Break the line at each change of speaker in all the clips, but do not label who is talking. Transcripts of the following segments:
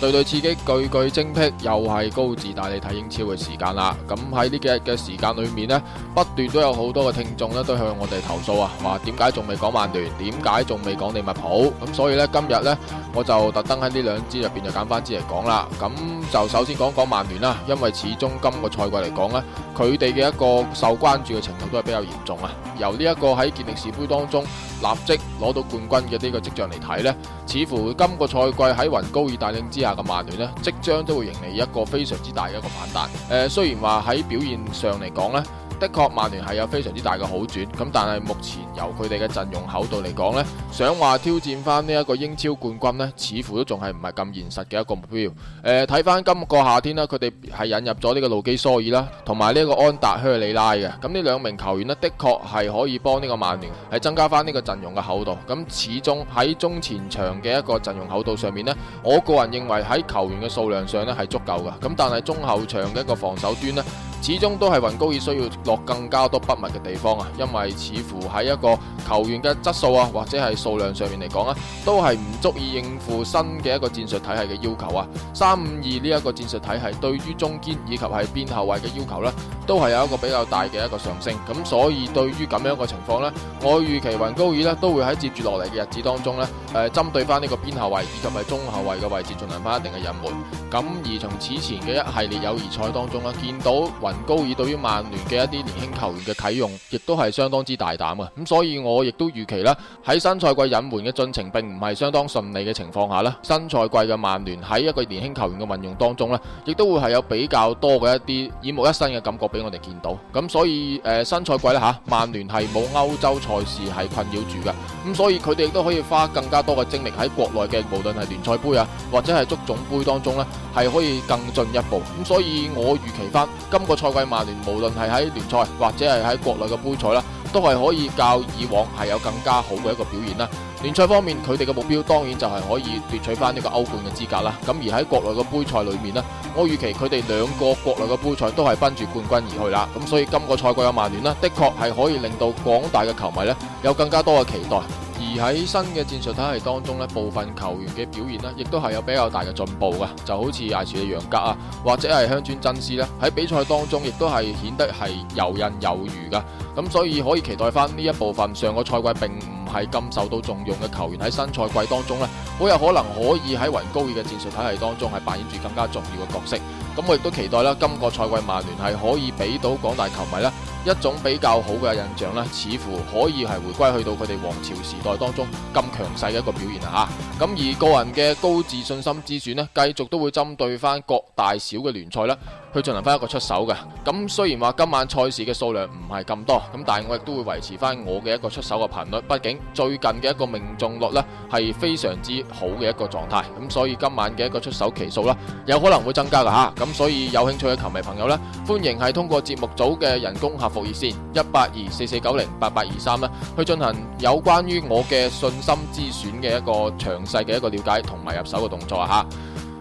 句句刺激，句句精闢，又係高治帶你睇英超嘅時間啦！咁喺呢幾日嘅時間裏面咧，不斷都有好多嘅聽眾咧都向我哋投訴啊，話點解仲未講曼聯？點解仲未講利物浦？咁所以咧今日咧，我就特登喺呢兩支入邊就揀翻支嚟講啦。咁就首先講講曼聯啦，因為始終今個賽季嚟講咧，佢哋嘅一個受關注嘅程度都係比較嚴重啊。由呢一個喺健力士杯當中立即攞到冠軍嘅呢個跡象嚟睇呢，似乎今個賽季喺雲高爾帶領之下嘅曼聯呢，即將都會迎嚟一個非常之大嘅一個反彈。誒、呃，雖然話喺表現上嚟講咧。的確，曼聯係有非常之大嘅好轉，咁但係目前由佢哋嘅陣容厚度嚟講呢，想話挑戰翻呢一個英超冠軍呢，似乎都仲係唔係咁現實嘅一個目標。誒、呃，睇翻今個夏天呢，佢哋係引入咗呢個路基蘇爾啦，同埋呢個安達靴里拉嘅，咁呢兩名球員呢，的確係可以幫呢個曼聯係增加翻呢個陣容嘅厚度。咁始終喺中前場嘅一個陣容厚度上面呢，我個人認為喺球員嘅數量上呢係足夠嘅。咁但係中後場嘅一個防守端呢。始終都係雲高爾需要落更加多筆墨嘅地方啊，因為似乎喺一個球員嘅質素啊，或者係數量上面嚟講啊，都係唔足以應付新嘅一個戰術體系嘅要求啊。三五二呢一個戰術體系對於中堅以及係邊後衛嘅要求呢，都係有一個比較大嘅一個上升。咁所以對於咁樣嘅情況呢，我預期雲高爾呢都會喺接住落嚟嘅日子當中呢，誒針對翻呢個邊後衛以及中後衛嘅位置進行翻一定嘅引援。咁而從此前嘅一系列友誼賽當中啊，見到高爾對於曼聯嘅一啲年輕球員嘅啟用，亦都係相當之大膽啊！咁所以我亦都預期啦，喺新賽季引援嘅進程並唔係相當順利嘅情況下咧，新賽季嘅曼聯喺一個年輕球員嘅運用當中呢，亦都會係有比較多嘅一啲耳目一新嘅感覺俾我哋見到。咁所以誒、呃、新賽季咧吓，曼聯係冇歐洲賽事係困擾住嘅，咁所以佢哋亦都可以花更加多嘅精力喺國內嘅，無論係聯賽杯啊，或者係足總杯當中呢，係可以更進一步。咁所以我預期翻、這、今個。賽季曼聯無論係喺聯賽或者係喺國內嘅杯賽啦，都係可以較以往係有更加好嘅一個表現啦。聯賽方面，佢哋嘅目標當然就係可以奪取翻呢個歐冠嘅資格啦。咁而喺國內嘅杯賽裏面呢，我預期佢哋兩個國內嘅杯賽都係奔住冠軍而去啦。咁所以今個賽季嘅曼聯呢，的確係可以令到廣大嘅球迷呢有更加多嘅期待。而喺新嘅戰術體系當中咧，部分球員嘅表現咧，亦都係有比較大嘅進步噶，就好似艾士利楊格啊，或者係香川真司咧，喺比賽當中亦都係顯得係游刃有餘噶，咁所以可以期待翻呢一部分上個賽季並。唔。係咁受到重用嘅球員喺新賽季當中呢，好有可能可以喺雲高爾嘅戰術體系當中係扮演住更加重要嘅角色。咁我亦都期待啦，今個賽季曼聯係可以俾到廣大球迷啦一種比較好嘅印象呢，似乎可以係回歸去到佢哋王朝時代當中咁強勢嘅一個表現吓。咁，而個人嘅高自信心之選呢，繼續都會針對翻各大小嘅聯賽啦。去進行翻一個出手嘅，咁雖然話今晚賽事嘅數量唔係咁多，咁但係我亦都會維持翻我嘅一個出手嘅頻率，畢竟最近嘅一個命中率呢係非常之好嘅一個狀態，咁所以今晚嘅一個出手期數呢有可能會增加嘅吓，咁所以有興趣嘅球迷朋友呢，歡迎係通過節目組嘅人工客服熱線一八二四四九零八八二三咧，去進行有關於我嘅信心之選嘅一個詳細嘅一個了解同埋入手嘅動作嚇。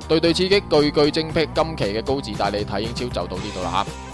對對刺激，句句精闢。今期嘅高治帶你睇英超就到呢度啦吓。